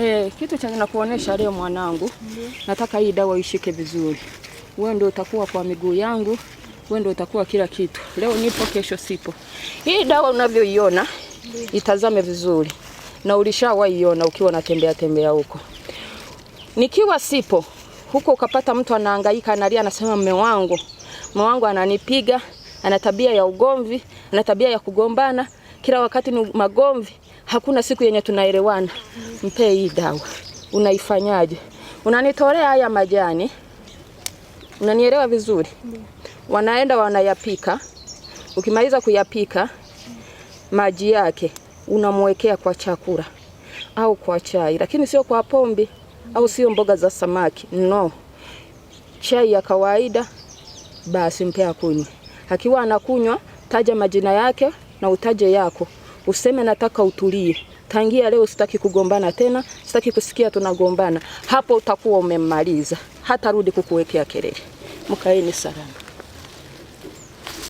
Eh, kitu cha nakuonesha leo mwanangu. Nataka hii dawa ishike vizuri. Wewe ndio utakuwa kwa miguu yangu, wewe ndio utakuwa kila kitu. Leo nipo, kesho sipo. Hii dawa unavyoiona itazame vizuri, na ulishawaiona ukiwa natembea tembea huko nikiwa sipo huko, ukapata mtu anahangaika analia, anasema mume wangu, mume wangu ananipiga, ana tabia ya ugomvi, ana tabia ya kugombana kila wakati ni magomvi, hakuna siku yenye tunaelewana. Mpee hii dawa, unaifanyaje? Unanitolea haya majani, unanielewa vizuri? Wanaenda wanayapika, ukimaliza kuyapika maji yake unamwekea kwa chakula au kwa chai, lakini sio kwa pombe au sio mboga za samaki, no, chai ya kawaida. Basi Mpea kunywa, Akiwa anakunywa, taja majina yake na utaje yako, useme nataka utulie, tangia leo sitaki kugombana tena, sitaki kusikia tunagombana. Hapo utakuwa umemaliza, hatarudi kukuwekea kelele. Mkaeni salama.